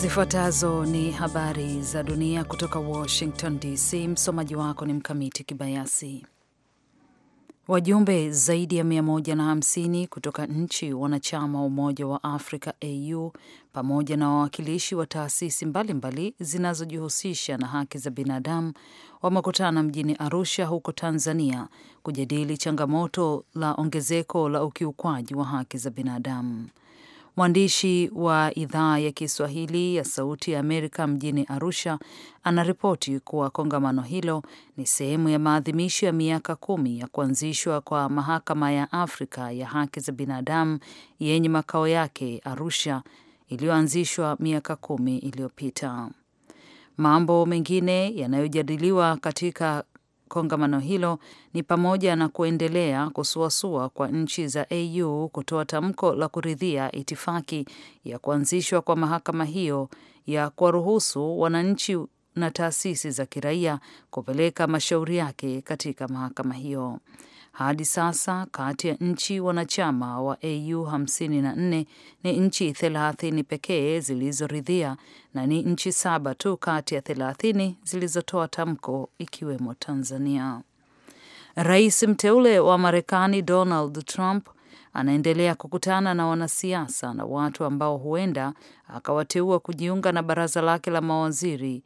Zifuatazo ni habari za dunia kutoka Washington DC. Msomaji wako ni Mkamiti Kibayasi. Wajumbe zaidi ya 150 kutoka nchi wanachama wa Umoja wa Afrika AU pamoja na wawakilishi wa taasisi mbalimbali zinazojihusisha na haki za binadamu wamekutana mjini Arusha huko Tanzania kujadili changamoto la ongezeko la ukiukwaji wa haki za binadamu. Mwandishi wa idhaa ya Kiswahili ya Sauti ya Amerika mjini Arusha anaripoti kuwa kongamano hilo ni sehemu ya maadhimisho ya miaka kumi ya kuanzishwa kwa Mahakama ya Afrika ya Haki za Binadamu yenye makao yake Arusha, iliyoanzishwa miaka kumi iliyopita. Mambo mengine yanayojadiliwa katika Kongamano hilo ni pamoja na kuendelea kusuasua kwa nchi za AU kutoa tamko la kuridhia itifaki ya kuanzishwa kwa mahakama hiyo ya kuwaruhusu wananchi na taasisi za kiraia kupeleka mashauri yake katika mahakama hiyo. Hadi sasa kati ya nchi wanachama wa AU 54 ni nchi 30 pekee zilizoridhia na ni nchi saba tu kati ya 30 zilizotoa tamko ikiwemo Tanzania. Rais mteule wa Marekani Donald Trump anaendelea kukutana na wanasiasa na watu ambao huenda akawateua kujiunga na baraza lake la mawaziri.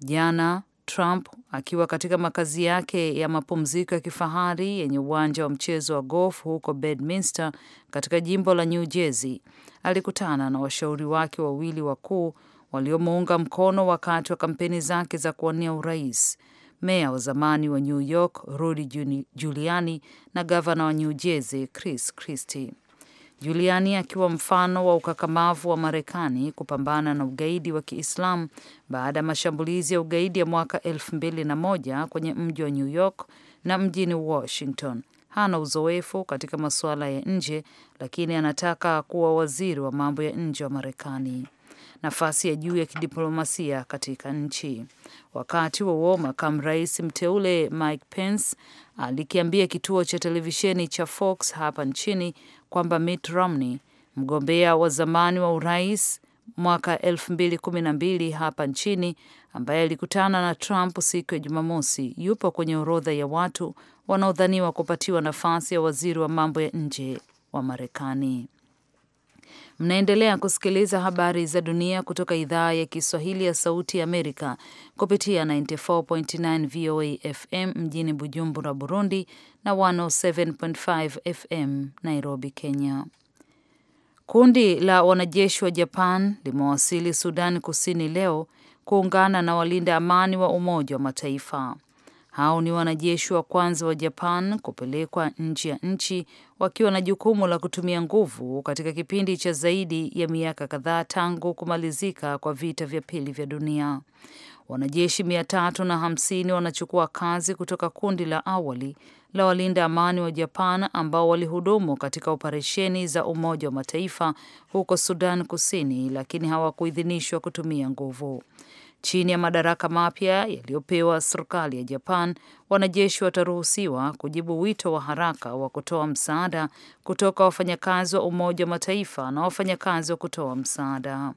Jana Trump akiwa katika makazi yake ya mapumziko ya kifahari yenye uwanja wa mchezo wa golf huko Bedminster katika jimbo la New Jersey alikutana na washauri wake wawili wakuu waliomuunga mkono wakati wa kampeni zake za kuwania urais, meya wa zamani wa New York Rudy Giuliani na gavana wa New Jersey Chris Christie juliani akiwa mfano wa ukakamavu wa Marekani kupambana na ugaidi wa Kiislamu baada ya mashambulizi ya ugaidi ya mwaka elfu mbili na moja kwenye mji wa New York na mjini Washington. Hana uzoefu katika masuala ya nje, lakini anataka kuwa waziri wa mambo ya nje wa Marekani, nafasi ya juu ya kidiplomasia katika nchi. Wakati wa huo, makamu rais mteule Mike Pence alikiambia kituo cha televisheni cha Fox hapa nchini kwamba Mitt Romney, mgombea wa zamani wa urais mwaka 2012 hapa nchini, ambaye alikutana na Trump siku ya Jumamosi, yupo kwenye orodha ya watu wanaodhaniwa kupatiwa nafasi ya waziri wa mambo ya nje wa Marekani. Mnaendelea kusikiliza habari za dunia kutoka idhaa ya Kiswahili ya Sauti ya Amerika kupitia 94.9 VOA FM mjini Bujumbura, Burundi na 107.5 FM Nairobi, Kenya. Kundi la wanajeshi wa Japan limewasili Sudan Kusini leo kuungana na walinda amani wa Umoja wa Mataifa. Hao ni wanajeshi wa kwanza wa Japan kupelekwa nje ya nchi wakiwa na jukumu la kutumia nguvu katika kipindi cha zaidi ya miaka kadhaa tangu kumalizika kwa vita vya pili vya dunia. Wanajeshi mia tatu na hamsini wanachukua kazi kutoka kundi la awali la walinda amani wa Japan ambao walihudumu katika operesheni za Umoja wa Mataifa huko Sudan Kusini, lakini hawakuidhinishwa kutumia nguvu. Chini ya madaraka mapya yaliyopewa serikali ya Japan, wanajeshi wataruhusiwa kujibu wito wa haraka wa kutoa msaada kutoka wafanyakazi wa Umoja wa Mataifa na wafanyakazi wa kutoa msaada.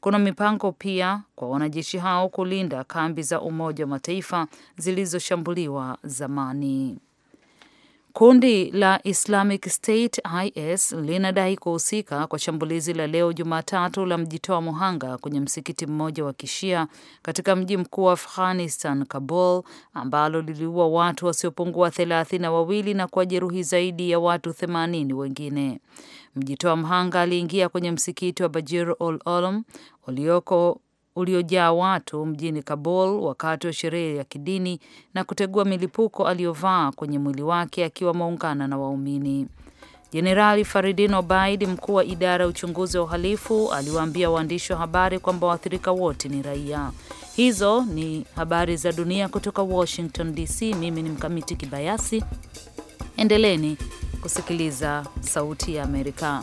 Kuna mipango pia kwa wanajeshi hao kulinda kambi za Umoja wa Mataifa zilizoshambuliwa zamani. Kundi la Islamic State IS linadai kuhusika kwa shambulizi la leo Jumatatu la mjitoa muhanga kwenye msikiti mmoja wa Kishia katika mji mkuu wa Afghanistan, Kabul, ambalo liliua watu wasiopungua thelathini na wawili na kuwajeruhi zaidi ya watu themanini wengine. Mjitoa mhanga aliingia kwenye msikiti wa Bajir ul Olom ulioko uliojaa watu mjini Kabul wakati wa sherehe ya kidini na kutegua milipuko aliyovaa kwenye mwili wake akiwa maungana na waumini. Jenerali Faridin Obaid, mkuu wa idara ya uchunguzi wa uhalifu, aliwaambia waandishi wa habari kwamba waathirika wote ni raia. Hizo ni habari za dunia kutoka Washington DC. Mimi ni Mkamiti Kibayasi. endeleni kusikiliza Sauti ya Amerika.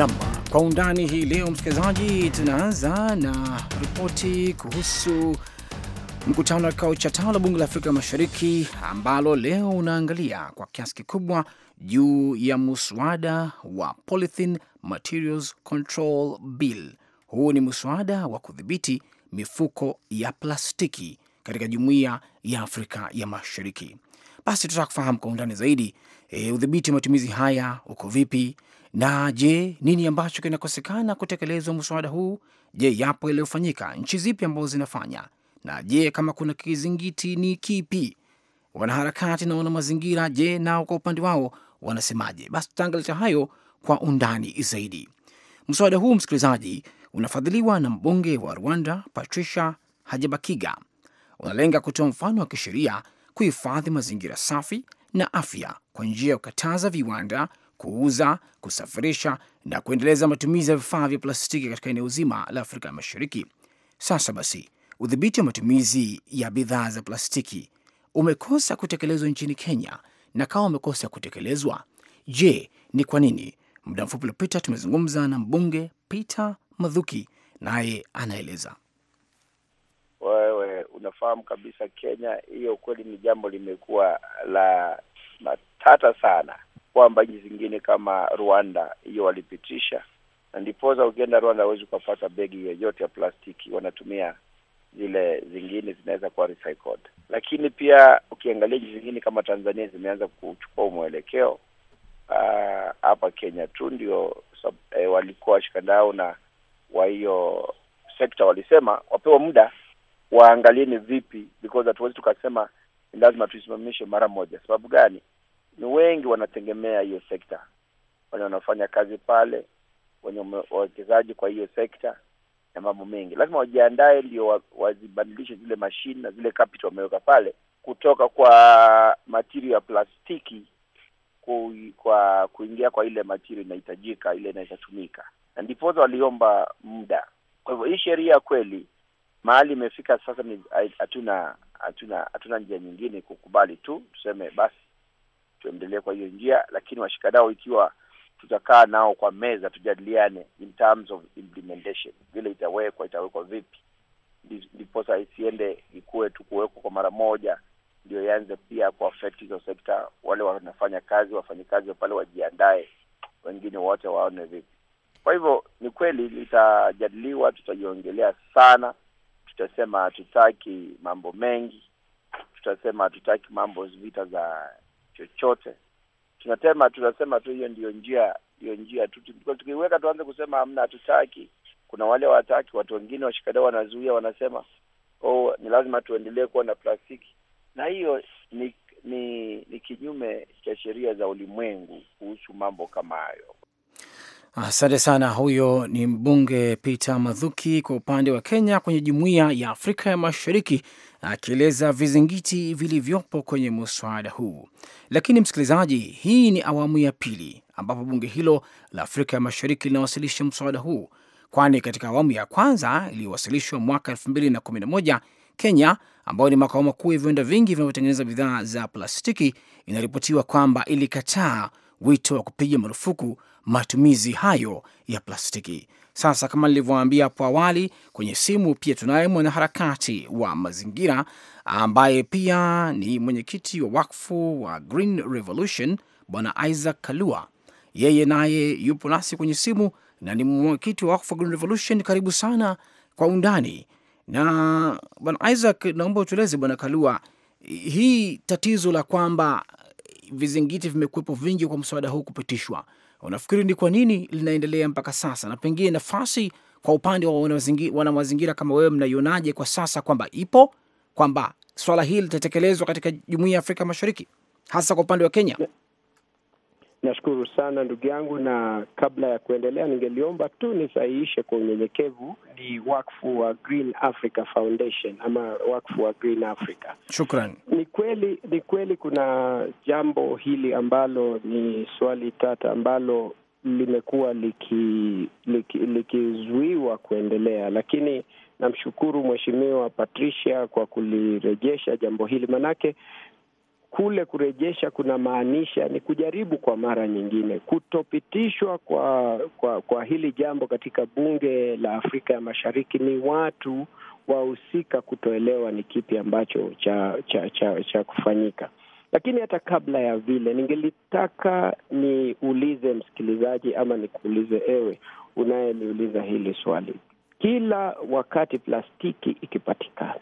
Nam kwa undani hii leo, msikilizaji, tunaanza na ripoti kuhusu mkutano wa kikao cha tano la bunge la Afrika Mashariki ambalo leo unaangalia kwa kiasi kikubwa juu ya muswada wa Polythene Materials Control Bill. Huu ni muswada wa kudhibiti mifuko ya plastiki katika jumuiya ya Afrika ya Mashariki. Basi tutaka kufahamu kwa undani zaidi e, udhibiti wa matumizi haya uko vipi? Na je, nini ambacho kinakosekana kutekelezwa mswada huu? Je, yapo yaliyofanyika? Nchi zipi ambazo zinafanya? Na je, kama kuna kizingiti ni kipi? Wanaharakati na wana mazingira, je, nao kwa upande wao wanasemaje? Basi tutaangalisha hayo kwa undani zaidi. Mswada huu, msikilizaji, unafadhiliwa na mbunge wa Rwanda Patricia Hajabakiga, unalenga kutoa mfano wa kisheria kuhifadhi mazingira safi na afya kwa njia ya kukataza viwanda, kuuza, kusafirisha na kuendeleza matumizi ya vifaa vya plastiki katika eneo zima la Afrika Mashariki. Sasa basi, udhibiti wa matumizi ya bidhaa za plastiki umekosa kutekelezwa nchini Kenya, na kama umekosa kutekelezwa, je, ni kwa nini? Muda mfupi uliopita tumezungumza na mbunge Peter madhuki naye anaeleza. Wewe unafahamu kabisa Kenya hiyo kweli ni jambo limekuwa la matata sana kwamba nchi zingine kama Rwanda hiyo walipitisha, na ndipoza ukienda Rwanda awezi ukapata begi yoyote ya plastiki, wanatumia zile zingine zinaweza kuwa recycled. Lakini pia ukiangalia nchi zingine kama Tanzania zimeanza kuchukua mwelekeo ah, hapa. Uh, Kenya tu ndio eh, walikuwa washikandao na wa hiyo sekta walisema wapewa muda waangalie ni vipi, because hatuwezi tukasema lazima tuisimamishe mara moja. Sababu gani? ni wengi wanategemea hiyo sekta, wale wanafanya kazi pale, wenye wawekezaji kwa hiyo sekta na mambo mengi. Lazima wajiandae ndio wazibadilishe zile mashine na zile capital wameweka pale, kutoka kwa material ya plastiki ku, kwa kuingia kwa ile material inahitajika, ile inaweza na ndipoza waliomba muda. Kwa hivyo hii sheria kweli mahali imefika sasa, hatuna hatuna hatuna njia nyingine, kukubali tu tuseme basi tuendelee kwa hiyo njia, lakini washikadao ikiwa tutakaa nao kwa meza tujadiliane in terms of implementation, vile itawekwa itawekwa vipi, ndiposa isiende ikuwe tu kuwekwa kwa mara moja ndio ianze pia kuaffect hizo sekta. Wale wanafanya kazi, wafanyakazi wa pale wajiandae, wengine wote waone vipi. Kwa hivyo ni kweli litajadiliwa, tutaiongelea sana, tutasema hatutaki mambo mengi, tutasema hatutaki mambo vita za chochote. Tunatema, tunasema tu hiyo ndio njia, hiyo njia tu, tukiweka tuanze kusema hamna, hatutaki. Kuna wale wataki, watu wengine washikada wanazuia, wanasema oh, ni lazima tuendelee kuwa na plastiki, na hiyo ni ni, ni kinyume cha sheria za ulimwengu kuhusu mambo kama hayo. Asante sana. Huyo ni mbunge Peter madhuki kwa upande wa Kenya kwenye jumuiya ya Afrika ya Mashariki akieleza vizingiti vilivyopo kwenye muswada huu. Lakini msikilizaji, hii ni awamu ya pili ambapo bunge hilo la Afrika ya Mashariki linawasilisha mswada huu, kwani katika awamu ya kwanza iliyowasilishwa mwaka 2011 Kenya ambayo ni makao makuu ya viwanda vingi vinavyotengeneza bidhaa za plastiki inaripotiwa kwamba ilikataa wito wa kupiga marufuku matumizi hayo ya plastiki. Sasa kama nilivyowaambia hapo awali, kwenye simu pia tunaye mwanaharakati wa mazingira ambaye pia ni mwenyekiti wa wakfu wa Green Revolution, Bwana Isaac Kalua. Yeye naye yupo nasi kwenye simu na ni mwenyekiti wa wakfu wa Green Revolution. Karibu sana kwa undani. Na Bwana Isaac, naomba utueleze Bwana Kalua, hii tatizo la kwamba vizingiti vimekuwepo vingi kwa mswada huu kupitishwa Unafikiri ni kwa nini linaendelea mpaka sasa, na pengine nafasi kwa upande wa wana mazingira kama wewe mnaionaje kwa sasa, kwamba ipo kwamba swala hili litatekelezwa katika jumuiya ya Afrika Mashariki, hasa kwa upande wa Kenya? Nashukuru sana ndugu yangu, na kabla ya kuendelea, ningeliomba tu nisahihishe kwa unyenyekevu, ni wakfu wa Green Africa Foundation ama wakfu wa Green Africa. Shukran. Ni kweli, ni kweli kuna jambo hili ambalo ni swali tata ambalo limekuwa likizuiwa liki, liki kuendelea, lakini namshukuru Mheshimiwa Patricia kwa kulirejesha jambo hili, manake kule kurejesha kuna maanisha ni kujaribu kwa mara nyingine. Kutopitishwa kwa, kwa, kwa hili jambo katika bunge la Afrika ya Mashariki ni watu wahusika kutoelewa ni kipi ambacho cha cha cha, cha kufanyika. Lakini hata kabla ya vile, ningelitaka niulize msikilizaji ama nikuulize ewe unayeniuliza hili swali, kila wakati plastiki ikipatikana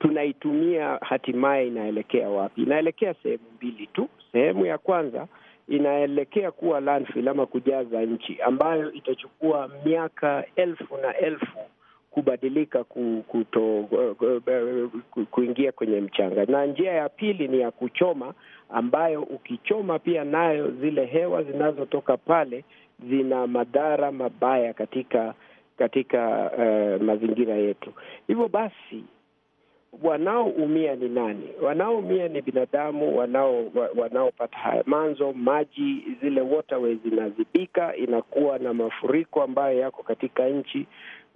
tunaitumia hatimaye inaelekea wapi? Inaelekea sehemu mbili tu. Sehemu ya kwanza inaelekea kuwa landfill ama kujaza nchi, ambayo itachukua miaka elfu na elfu kubadilika kuto, eh, kuingia kwenye mchanga. Na njia ya pili ni ya kuchoma, ambayo ukichoma pia nayo zile hewa zinazotoka pale zina madhara mabaya katika katika uh, mazingira yetu. Hivyo basi wanaoumia ni nani? Wanaoumia ni binadamu wanao wanaopata haya manzo, maji zile waterways zinazibika, inakuwa na mafuriko ambayo yako katika nchi.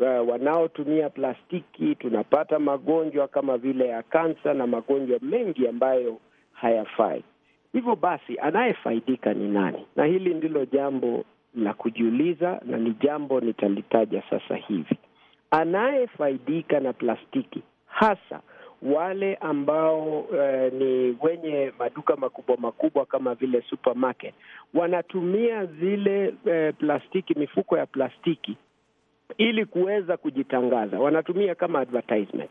Wanaotumia plastiki, tunapata magonjwa kama vile ya kansa na magonjwa mengi ambayo hayafai. Hivyo basi, anayefaidika ni nani? Na hili ndilo jambo la kujiuliza, na ni jambo nitalitaja sasa hivi. Anayefaidika na plastiki hasa wale ambao eh, ni wenye maduka makubwa makubwa kama vile supermarket wanatumia zile eh, plastiki, mifuko ya plastiki ili kuweza kujitangaza, wanatumia kama advertisement.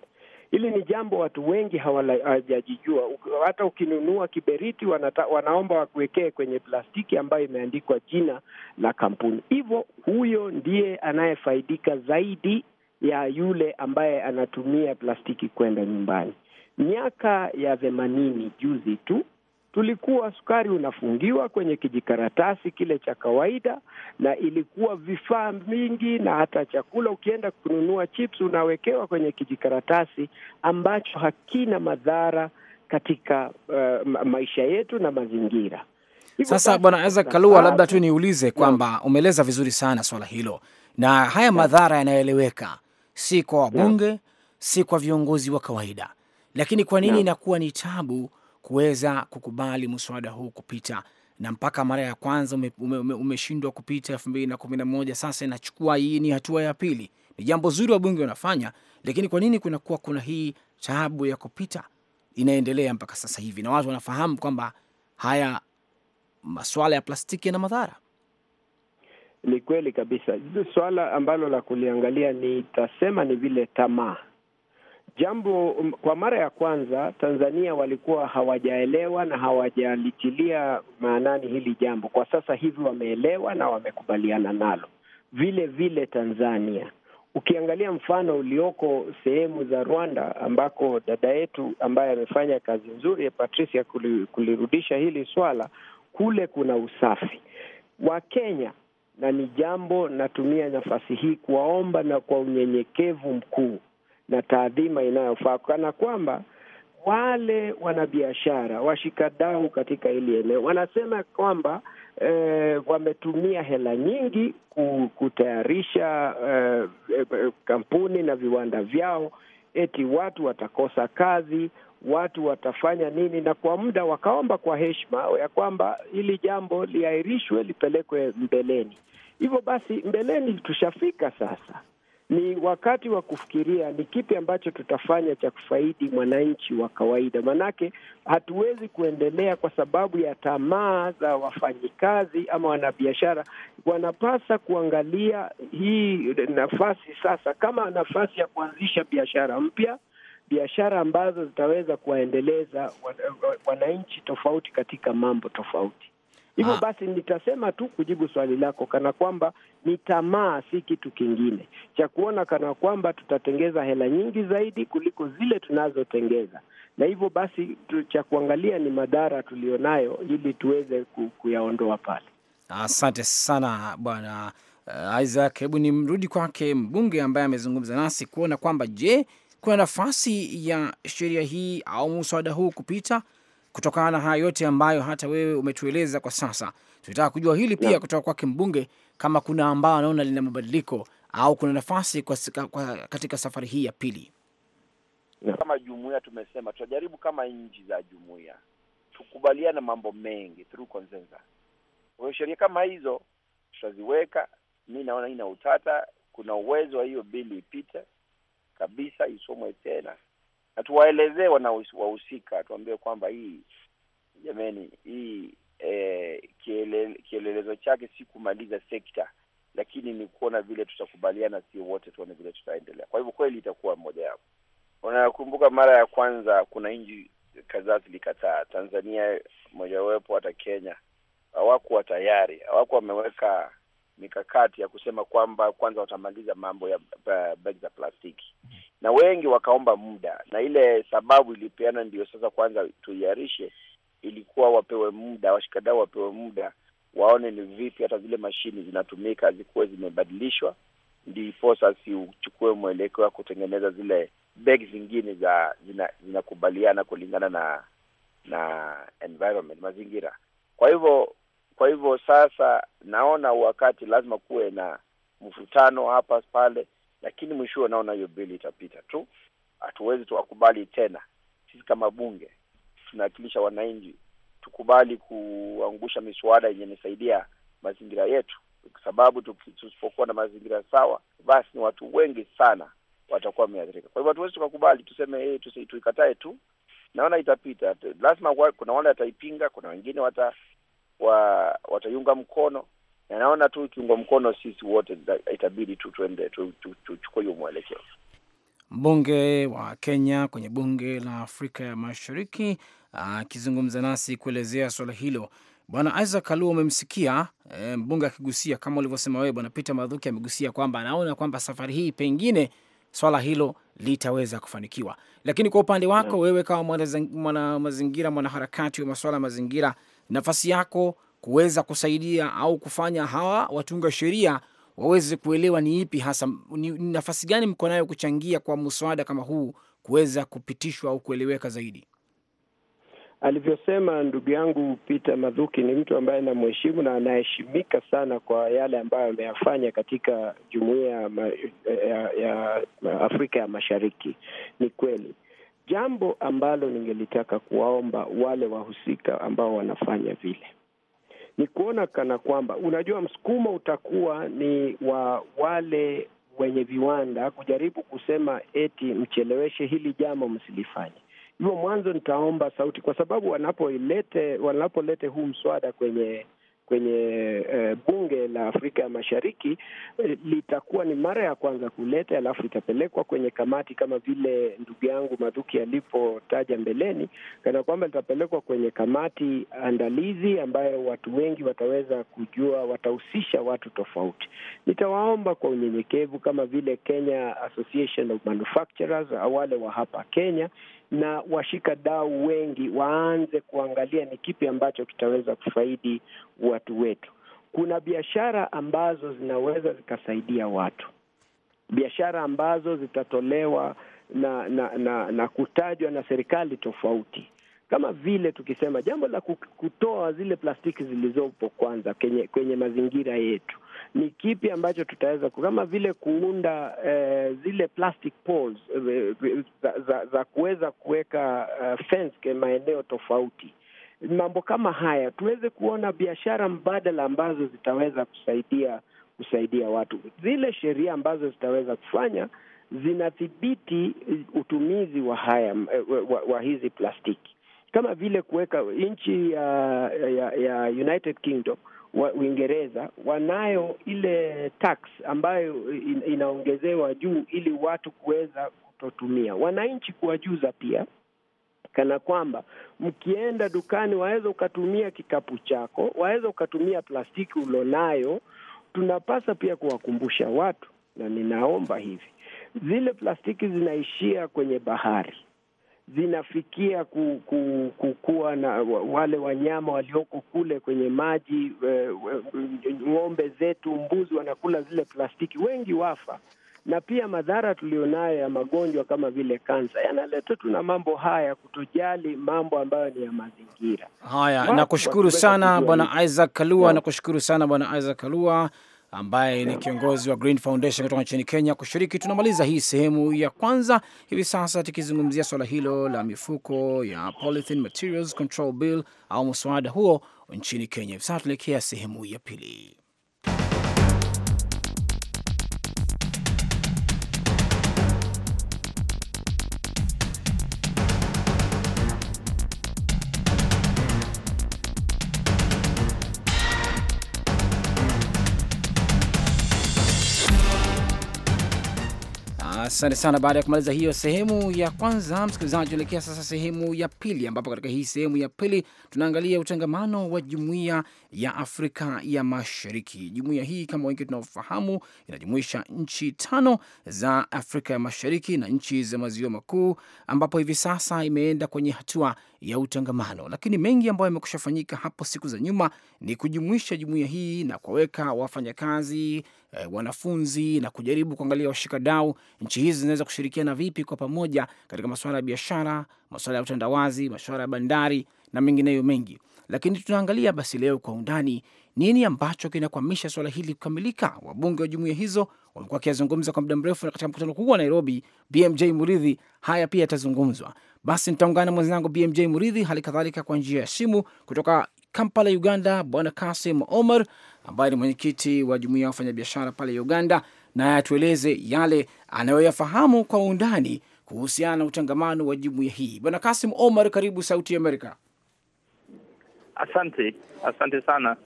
Hili ni jambo watu wengi hawajajijua. Hata ukinunua kiberiti wanata, wanaomba wakuwekee kwenye plastiki ambayo imeandikwa jina la kampuni. Hivyo huyo ndiye anayefaidika zaidi ya yule ambaye anatumia plastiki kwenda nyumbani. Miaka ya themanini, juzi tu tulikuwa sukari unafungiwa kwenye kijikaratasi kile cha kawaida, na ilikuwa vifaa vingi na hata chakula. Ukienda kununua chips unawekewa kwenye kijikaratasi ambacho hakina madhara katika uh, maisha yetu na mazingira. Hivyo sasa, Bwana Isaac Kalua, labda tu niulize kwamba umeeleza vizuri sana swala hilo na haya madhara yanayoeleweka si kwa wabunge yeah, si kwa viongozi wa kawaida. Lakini kwa nini inakuwa yeah, ni tabu kuweza kukubali mswada huu kupita? Na mpaka mara ya kwanza umeshindwa ume, ume, kupita elfu mbili na kumi na moja. Sasa inachukua hii ni hatua ya pili. Ni jambo zuri wabunge wanafanya, lakini kwa nini kunakuwa kuna hii tabu ya kupita inaendelea mpaka sasa hivi, na watu wanafahamu kwamba haya masuala ya plastiki yana madhara. Ni kweli kabisa. Swala ambalo la kuliangalia nitasema ni vile tamaa. Jambo um, kwa mara ya kwanza Tanzania walikuwa hawajaelewa na hawajalitilia maanani hili jambo. Kwa sasa hivi wameelewa na wamekubaliana nalo. Vile vile Tanzania, ukiangalia mfano ulioko sehemu za Rwanda ambako dada yetu ambaye amefanya kazi nzuri Patricia kulirudisha hili swala, kule kuna usafi. Wakenya na ni jambo, natumia nafasi hii kuwaomba na kwa unyenyekevu mkuu na taadhima inayofaa, kana kwamba wale wanabiashara washikadau katika hili eneo wanasema kwamba eh, wametumia hela nyingi kutayarisha eh, eh, kampuni na viwanda vyao, eti watu watakosa kazi, watu watafanya nini, na kwa muda wakaomba kwa heshima ya kwamba hili jambo liahirishwe lipelekwe mbeleni. Hivyo basi, mbeleni tushafika sasa, ni wakati wa kufikiria ni kipi ambacho tutafanya cha kufaidi mwananchi wa kawaida. manake hatuwezi kuendelea kwa sababu ya tamaa za wafanyikazi ama wanabiashara. Wanapasa kuangalia hii nafasi sasa kama nafasi ya kuanzisha biashara mpya biashara ambazo zitaweza kuwaendeleza wananchi tofauti katika mambo tofauti. Hivyo ah. basi nitasema tu kujibu swali lako, kana kwamba ni tamaa, si kitu kingine cha kuona kana kwamba tutatengeza hela nyingi zaidi kuliko zile tunazotengeza, na hivyo basi cha kuangalia ni madhara tuliyonayo ili tuweze kuyaondoa pale. Asante sana bwana eh, Isaac. Hebu nimrudi kwake mbunge ambaye amezungumza nasi kuona kwamba je, kuna nafasi ya sheria hii au mswada huu kupita kutokana na haya yote ambayo hata wewe umetueleza kwa sasa? Tunataka kujua hili pia kutoka kwake mbunge, kama kuna ambao anaona lina mabadiliko au kuna nafasi kwa, kwa, katika safari hii ya pili. Kama jumuia tumesema tutajaribu kama nchi za jumuia tukubaliana mambo mengi through consensus. Kwa hiyo sheria kama hizo tutaziweka, mi naona ina utata. Kuna uwezo wa hiyo bili ipite, kabisa isomwe tena, na tuwaelezee wanaohusika tuambie kwamba hii jameni, hii eh, kiele, kielelezo chake si kumaliza sekta, lakini ni kuona vile tutakubaliana, si wote, tuone vile tutaendelea. Kwa hivyo kweli itakuwa mmoja yapo. Unakumbuka mara ya kwanza kuna nji kadhaa zilikataa, Tanzania mojawapo, hata Kenya hawakuwa tayari, hawakuwa wameweka mikakati ya kusema kwamba kwanza watamaliza mambo ya begi za plastiki, na wengi wakaomba muda, na ile sababu ilipeana ndiyo sasa kwanza tuiarishe, ilikuwa wapewe muda, washikadau wapewe muda, waone ni vipi hata zile mashini zinatumika zikuwe zimebadilishwa, ndiposa siuchukue mwelekeo wa kutengeneza zile begi zingine za zinakubaliana zina kulingana na na environment mazingira. Kwa hivyo kwa hivyo sasa naona wakati lazima kuwe na mvutano hapa pale, lakini mwishowe naona hiyo bili itapita tu. Hatuwezi tukakubali tena, sisi kama bunge tunawakilisha wananchi, tukubali kuangusha miswada yenye nisaidia mazingira yetu, kwa sababu tusipokuwa na mazingira sawa, basi ni watu wengi sana watakuwa wameathirika. Kwa hivyo hatuwezi tukakubali tuseme hey, eh, tuikatae tu. Naona itapita lazima. Kuna wale wataipinga, kuna wengine wata wa- wataiunga mkono na naona tu ikiungwa mkono sisi wote itabidi tu tuende tuchukue hiyo mwelekeo. Mbunge wa Kenya kwenye bunge la Afrika ya Mashariki akizungumza nasi kuelezea swala hilo. Bwana Isaac Kalua, umemsikia e, mbunge akigusia kama ulivyosema wewe, Bwana Peter Madhuki amegusia kwamba anaona kwamba safari hii pengine swala hilo litaweza kufanikiwa, lakini kwa upande wako mm. wewe kama mwana mazingira mwanaharakati wa masuala ya mazingira nafasi yako kuweza kusaidia au kufanya hawa watunga sheria waweze kuelewa ni ipi hasa, ni nafasi gani mko nayo kuchangia kwa mswada kama huu kuweza kupitishwa au kueleweka zaidi? Alivyosema ndugu yangu Peter madhuki ni mtu ambaye namheshimu na anaheshimika sana kwa yale ambayo ameyafanya katika jumuia ya, ya, ya Afrika ya Mashariki. Ni kweli Jambo ambalo ningelitaka kuwaomba wale wahusika ambao wanafanya vile ni kuona kana kwamba, unajua, msukumo utakuwa ni wa wale wenye viwanda kujaribu kusema eti mcheleweshe hili jambo, msilifanye hivyo. Mwanzo nitaomba sauti, kwa sababu wanapoilete wanapolete huu mswada kwenye kwenye eh, bunge la Afrika ya Mashariki eh, litakuwa ni mara ya kwanza kuleta, alafu itapelekwa kwenye kamati kama vile ndugu yangu Madhuki alipotaja mbeleni, kana kwamba litapelekwa kwenye kamati andalizi ambayo watu wengi wataweza kujua, watahusisha watu tofauti. Nitawaomba kwa unyenyekevu kama vile Kenya Association of Manufacturers, wale wa hapa Kenya na washikadau wengi waanze kuangalia ni kipi ambacho kitaweza kufaidi watu wetu. Kuna biashara ambazo zinaweza zikasaidia watu, biashara ambazo zitatolewa na na na, na kutajwa na serikali tofauti, kama vile tukisema jambo la kutoa zile plastiki zilizopo kwanza kwenye, kwenye mazingira yetu ni kipi ambacho tutaweza kama vile kuunda eh, zile plastic poles eh, eh za, za, za kuweza kuweka uh, fence maeneo tofauti mambo kama haya tuweze kuona biashara mbadala ambazo zitaweza kusaidia kusaidia watu. Zile sheria ambazo zitaweza kufanya zinathibiti utumizi wa haya eh, wa, wa hizi plastiki, kama vile kuweka nchi ya, ya, ya United Kingdom wa Uingereza wanayo ile tax ambayo inaongezewa juu ili watu kuweza kutotumia, wananchi kuwajuza pia kana kwamba mkienda dukani, waweza ukatumia kikapu chako, waweza ukatumia plastiki ulonayo. Tunapasa pia kuwakumbusha watu, na ninaomba hivi, zile plastiki zinaishia kwenye bahari zinafikia ku, ku, kukuwa na wale wanyama walioko kule kwenye maji. E, e, ng'ombe zetu, mbuzi wanakula zile plastiki, wengi wafa. Na pia madhara tuliyonayo ya magonjwa kama vile kansa yanaletwa tu na mambo haya, kutojali mambo ambayo ni ya mazingira haya. Nakushukuru sana Bwana Isaac Kalua, nakushukuru sana Bwana Isaac Kalua ambaye ni kiongozi wa Green Foundation kutoka nchini Kenya kushiriki. Tunamaliza hii sehemu ya kwanza hivi sasa tukizungumzia swala hilo la mifuko ya Polythene Materials Control Bill au mswada huo nchini Kenya. Hivi sasa tuelekea sehemu ya pili. Asante sana. Baada ya kumaliza hiyo sehemu ya kwanza, msikilizaji, tuelekea sasa sehemu ya pili, ambapo katika hii sehemu ya pili tunaangalia utangamano wa jumuiya ya Afrika ya Mashariki. Jumuiya hii kama wengi tunavyofahamu, inajumuisha nchi tano za Afrika ya Mashariki na nchi za maziwa makuu, ambapo hivi sasa imeenda kwenye hatua ya utangamano, lakini mengi ambayo yamekusha fanyika hapo siku za nyuma ni kujumuisha jumuiya hii na kuwaweka wafanyakazi eh, wanafunzi na kujaribu kuangalia washikadau, nchi hizi zinaweza kushirikiana vipi kwa pamoja katika masuala ya biashara, masuala ya utandawazi, masuala ya bandari na mengineyo mengi, lakini tunaangalia basi leo kwa undani nini ambacho kinakwamisha swala hili kukamilika. Wabunge wa jumuiya hizo wamekuwa wakiyazungumza kwa muda mrefu, na katika mkutano kubwa wa Nairobi, BMJ Muridhi, haya pia yatazungumzwa. Basi nitaungana mwenzangu BMJ Muridhi hali kadhalika kwa njia ya simu kutoka Kampala, Uganda, Bwana Kasim Omar ambaye ni mwenyekiti wa jumuiya ya wafanyabiashara pale Uganda, naye atueleze yale anayoyafahamu kwa undani kuhusiana na utangamano wa jumuiya hii. Bwana Kasim Omar, karibu Sauti ya Amerika. Asante, asante sana.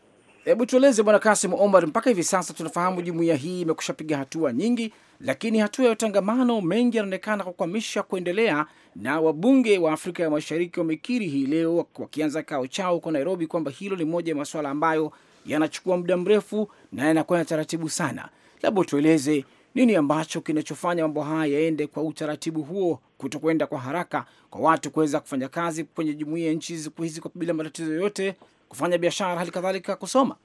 Hebu tueleze Bwana Kasim Omar, mpaka hivi sasa tunafahamu jumuiya hii imekusha piga hatua nyingi, lakini hatua ya utangamano mengi yanaonekana kukwamisha kuendelea, na wabunge wa Afrika ya Mashariki wamekiri hii leo wakianza kao chao huko Nairobi kwamba hilo ni moja ya masuala ambayo yanachukua muda mrefu na yanakuwa na taratibu sana. Labda tueleze nini ambacho kinachofanya mambo haya yaende kwa utaratibu huo, kutokwenda kwa haraka kwa watu kuweza kufanya kazi kwenye jumuia ya nchi siku hizi bila matatizo yoyote, kufanya biashara, hali kadhalika kusoma?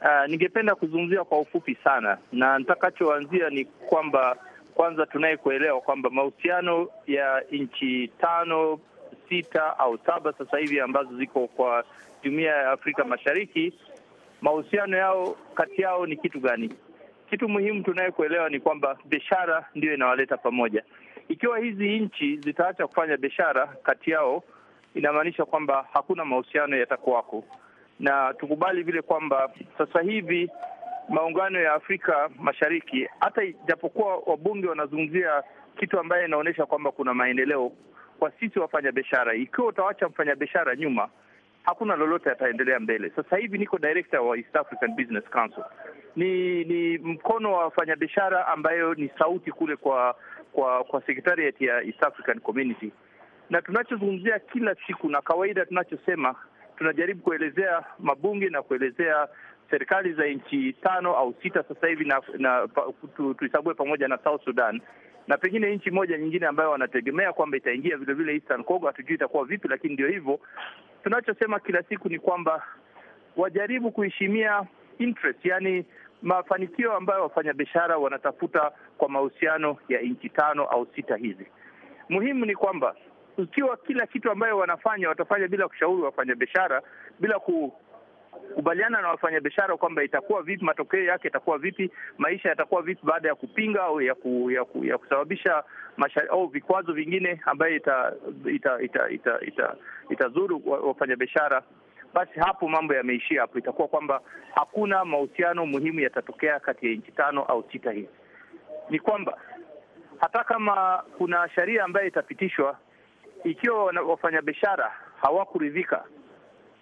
Uh, ningependa kuzungumzia kwa ufupi sana, na nitakachoanzia ni kwamba kwanza tunaye kuelewa kwamba mahusiano ya nchi tano sita au saba sasa hivi ambazo ziko kwa jumuia ya Afrika Mashariki, mahusiano yao kati yao ni kitu gani? kitu muhimu tunayekuelewa ni kwamba biashara ndiyo inawaleta pamoja. Ikiwa hizi nchi zitaacha kufanya biashara kati yao, inamaanisha kwamba hakuna mahusiano yatakuwako, na tukubali vile kwamba sasa hivi maungano ya Afrika Mashariki, hata ijapokuwa wabunge wanazungumzia kitu ambaye inaonyesha kwamba kuna maendeleo kwa sisi wafanya biashara, ikiwa utawacha mfanyabiashara nyuma, hakuna lolote ataendelea mbele. Sasa hivi niko director wa East African Business Council ni ni mkono wa wafanyabiashara ambayo ni sauti kule kwa kwa kwa sekretariat ya East African Community, na tunachozungumzia kila siku na kawaida tunachosema, tunajaribu kuelezea mabunge na kuelezea serikali za nchi tano au sita sasa hivi, na, na tuhesabue tu pamoja na South Sudan na pengine nchi moja nyingine ambayo wanategemea kwamba itaingia vile vile Eastern Congo. Hatujui itakuwa vipi, lakini ndio hivyo. Tunachosema kila siku ni kwamba wajaribu kuheshimia interest, yani mafanikio ambayo wafanyabiashara wanatafuta kwa mahusiano ya nchi tano au sita hizi. Muhimu ni kwamba ikiwa kila kitu ambayo wanafanya watafanya bila kushauri wafanyabiashara, bila kukubaliana na wafanyabiashara kwamba itakuwa vipi, matokeo yake itakuwa vipi, maisha yatakuwa vipi baada ya kupinga au ya, ku, ya, ku, ya kusababisha mashari, au vikwazo vingine ambayo itazuru ita, ita, ita, ita, ita, ita wafanyabiashara basi hapo mambo yameishia hapo. Itakuwa kwamba hakuna mahusiano muhimu yatatokea kati ya nchi tano au sita hii Ni kwamba hata kama kuna sheria ambayo itapitishwa, ikiwa wafanyabiashara hawakuridhika,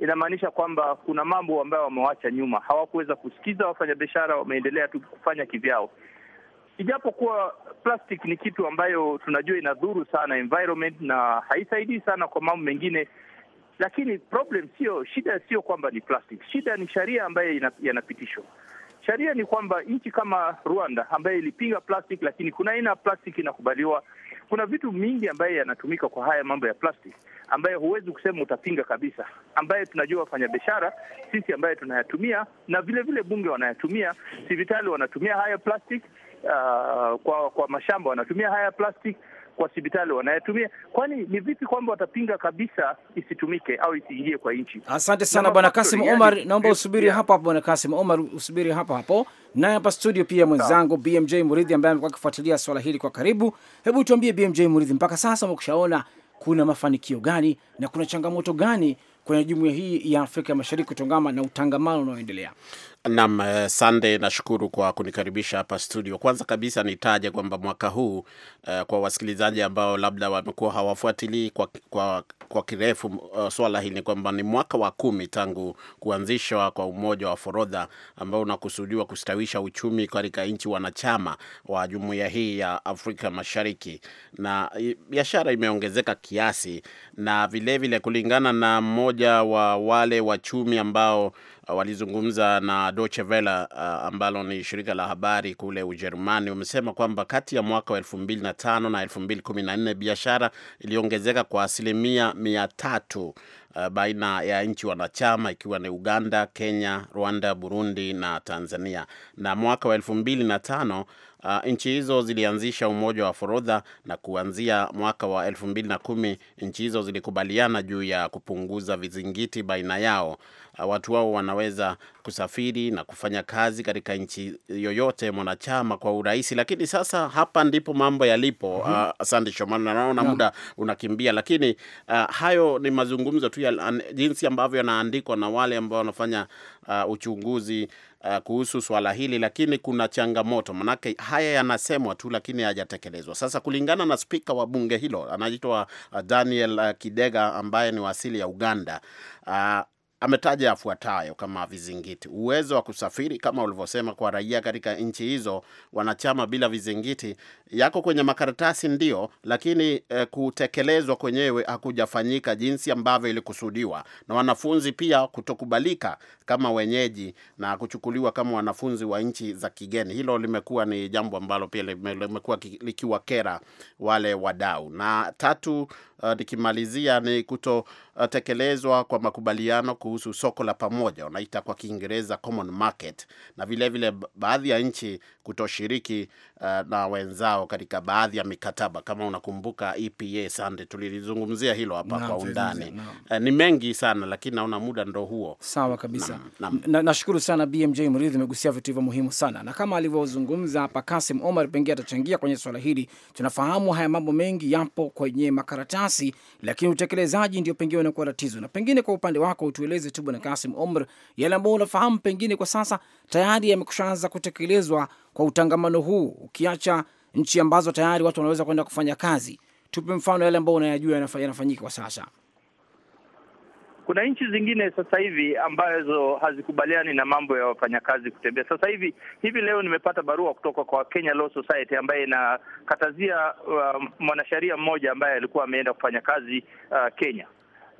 inamaanisha kwamba kuna mambo ambayo wamewacha nyuma, hawakuweza kusikiza wafanyabiashara, wameendelea tu kufanya kivyao, ijapokuwa plastic ni kitu ambayo tunajua inadhuru sana environment na haisaidii sana kwa mambo mengine lakini problem sio shida, sio kwamba ni plastic. Shida ni sheria ambayo yanapitishwa. Sheria ni kwamba nchi kama Rwanda ambayo ilipinga plastic, lakini kuna aina ya plastic inakubaliwa. Kuna vitu mingi ambayo yanatumika kwa haya mambo ya plastic ambayo huwezi kusema utapinga kabisa, ambayo tunajua wafanyabiashara sisi ambayo tunayatumia na vile vile bunge wanayatumia, sivitali wanatumia haya plastic. Uh, kwa kwa mashamba wanatumia haya plastic kwa hospitali wanayotumia. Kwani ni vipi kwamba watapinga kabisa isitumike au isiingie kwa nchi? Asante sana Bwana Kasim yaani? Omar, naomba eh, usubiri hapo hapo. Bwana Kasim Omar, usubiri hapo hapo. Naye hapa studio pia mwenzangu BMJ Muridhi ambaye amekuwa akifuatilia swala hili kwa karibu. Hebu tuambie BMJ Muridhi, mpaka sasa umekushaona kuna mafanikio gani na kuna changamoto gani kwenye jumuiya hii ya Afrika Mashariki kutongana na utangamano unaoendelea? Nam uh, eh, Sande, nashukuru kwa kunikaribisha hapa studio. Kwanza kabisa nitaje kwamba mwaka huu uh, kwa wasikilizaji ambao labda wamekuwa hawafuatilii kwa, kwa, kwa kirefu uh, swala hili ni kwamba ni mwaka wa kumi tangu kuanzishwa kwa umoja wa forodha ambao unakusudiwa kustawisha uchumi katika nchi wanachama wa jumuiya hii ya Afrika Mashariki, na biashara imeongezeka kiasi, na vilevile vile kulingana na mmoja wa wale wachumi ambao Uh, walizungumza na Deutsche Welle uh, ambalo ni shirika la habari kule Ujerumani, wamesema kwamba kati ya mwaka wa 2005 na 2014 biashara iliongezeka kwa asilimia mia tatu uh, baina ya nchi wanachama ikiwa ni Uganda, Kenya, Rwanda, Burundi na Tanzania. Na mwaka wa 2005 Uh, nchi hizo zilianzisha umoja wa forodha na kuanzia mwaka wa 2010 nchi hizo zilikubaliana juu ya kupunguza vizingiti baina yao Uh, watu hao wanaweza kusafiri na kufanya kazi katika nchi yoyote mwanachama kwa urahisi. Lakini sasa hapa ndipo mambo yalipo. mm -hmm. Uh, asante Shomana, naona muda unakimbia, lakini uh, hayo ni mazungumzo tu ya jinsi ambavyo yanaandikwa na wale ambao wanafanya uh, uchunguzi uh, kuhusu swala hili, lakini kuna changamoto, manake haya yanasemwa tu, lakini hayajatekelezwa. Sasa kulingana na spika wa bunge hilo anaitwa uh, Daniel uh, Kidega ambaye ni wa asili ya Uganda, uh, ametaja yafuatayo kama vizingiti: uwezo wa kusafiri kama ulivyosema, kwa raia katika nchi hizo wanachama bila vizingiti, yako kwenye makaratasi ndio, lakini e, kutekelezwa kwenyewe hakujafanyika jinsi ambavyo ilikusudiwa, na wanafunzi pia kutokubalika kama wenyeji na kuchukuliwa kama wanafunzi wa nchi za kigeni. Hilo limekuwa ni jambo ambalo pia limekuwa likiwakera wale wadau. Na tatu, eh, nikimalizia, uh, ni kutotekelezwa kwa makubaliano kuhusu kuhusu soko la pamoja, wanaita kwa Kiingereza common market, na vilevile vile baadhi ya nchi kutoshiriki Uh, na wenzao katika baadhi ya mikataba. Kama unakumbuka EPA, Sande, tulilizungumzia hilo hapa kwa undani na. Uh, ni mengi sana lakini naona muda ndo huo. Sawa kabisa, nashukuru na, na, na sana BMJ Mridhi, umegusia vitu hivyo muhimu sana, na kama alivyozungumza hapa Kasim Omar, pengine atachangia kwenye swala hili. Tunafahamu haya mambo mengi yapo kwenye makaratasi, lakini utekelezaji ndio pengine unakuwa tatizo. Na pengine kwa upande wako utueleze tu Bwana Kasim Omar, yale ambayo unafahamu pengine kwa sasa tayari yamekushaanza kutekelezwa kwa utangamano huu ukiacha nchi ambazo tayari watu wanaweza kwenda kufanya kazi. Tupe mfano yale ambayo unayajua yanafanyika kwa sasa. Kuna nchi zingine sasa hivi ambazo hazikubaliani na mambo ya wafanyakazi kutembea. Sasa hivi hivi leo nimepata barua kutoka kwa Kenya Law Society ambaye inakatazia uh, mwanasheria mmoja ambaye alikuwa ameenda kufanya kazi uh, Kenya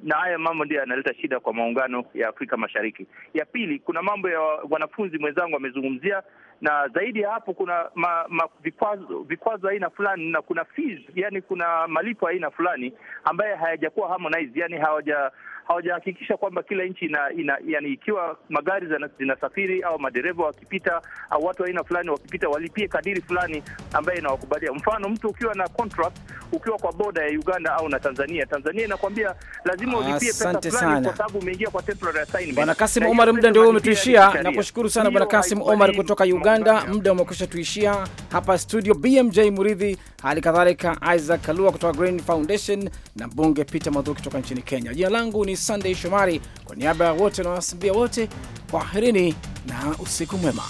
na haya mambo ndiyo yanaleta shida kwa maungano ya Afrika Mashariki. Ya pili, kuna mambo ya wanafunzi mwenzangu amezungumzia, na zaidi ya hapo kuna ma, ma, vikwazo vikwazo aina fulani na kuna fees, yani kuna malipo aina fulani ambaye hayajakuwa harmonized, yani hawaja hawajahakikisha kwamba kila nchi ina, ina, yani ikiwa magari zinasafiri au madereva wakipita au watu aina fulani wakipita walipie kadiri fulani ambaye inawakubalia. Mfano, mtu ukiwa na contract ukiwa kwa boda ya Uganda au na Tanzania, Tanzania inakwambia lazima ulipie pesa fulani kwa sababu umeingia kwa temporary assignment. Bwana Kasim Omar, muda ndio umetuishia. Nakushukuru sana Bwana Kasim Omar kutoka Uganda, muda umekwisha tuishia hapa studio. BMJ Muridhi, hali kadhalika Isaac Kalua kutoka Green Foundation na mbunge Peter Mathuki kutoka nchini Kenya. Jina langu ni ni Sunday Shomari, kwa niaba ya wote na wasimbia wote kwaherini na usiku mwema.